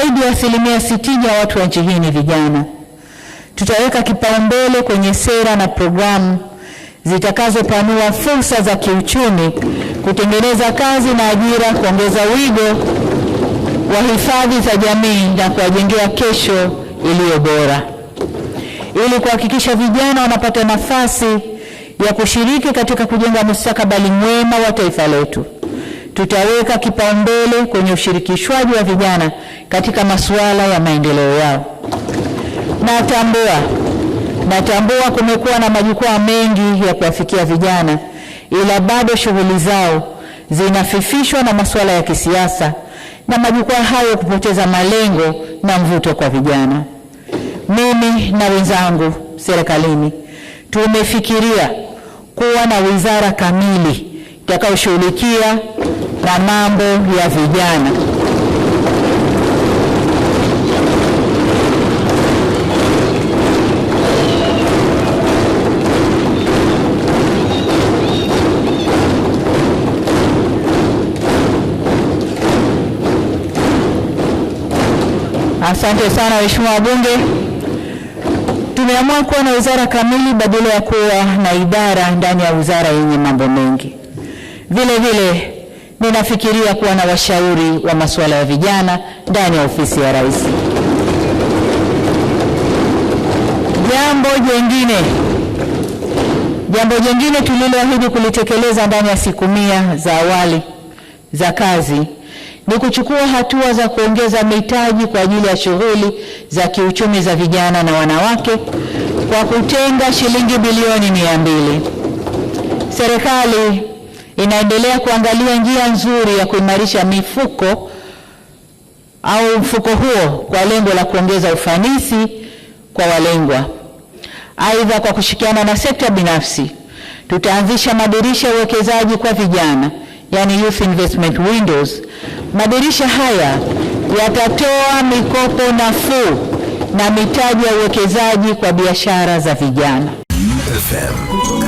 Zaidi ya asilimia sitini ya watu wa nchi hii ni vijana. Tutaweka kipaumbele kwenye sera na programu zitakazopanua fursa za kiuchumi, kutengeneza kazi na ajira, kuongeza wigo wa hifadhi za jamii na kuwajengea kesho iliyo bora. Ili kuhakikisha vijana wanapata nafasi ya kushiriki katika kujenga mustakabali mwema wa taifa letu tutaweka kipaumbele kwenye ushirikishwaji wa vijana katika masuala ya maendeleo yao. Natambua natambua kumekuwa na majukwaa mengi ya kuwafikia vijana, ila bado shughuli zao zinafifishwa na masuala ya kisiasa na majukwaa hayo kupoteza malengo na mvuto kwa vijana. Mimi na wenzangu serikalini tumefikiria kuwa na wizara kamili itakayoshughulikia na mambo ya vijana. Asante sana Mheshimiwa wabunge. Tumeamua kuwa na wizara kamili badala ya kuwa na idara ndani ya wizara yenye mambo mengi. Vile vile ninafikiria kuwa na washauri wa masuala ya vijana ndani ya ofisi ya rais. Jambo jengine jambo jengine tuliloahidi kulitekeleza ndani ya siku mia za awali za kazi ni kuchukua hatua za kuongeza mitaji kwa ajili ya shughuli za kiuchumi za vijana na wanawake kwa kutenga shilingi bilioni mia mbili. Serikali inaendelea kuangalia njia nzuri ya kuimarisha mifuko au mfuko huo kwa lengo la kuongeza ufanisi kwa walengwa. Aidha, kwa kushirikiana na sekta binafsi tutaanzisha madirisha ya uwekezaji kwa vijana, yani youth investment windows. Madirisha haya yatatoa mikopo nafuu na mitaji ya uwekezaji kwa biashara za vijana. FM.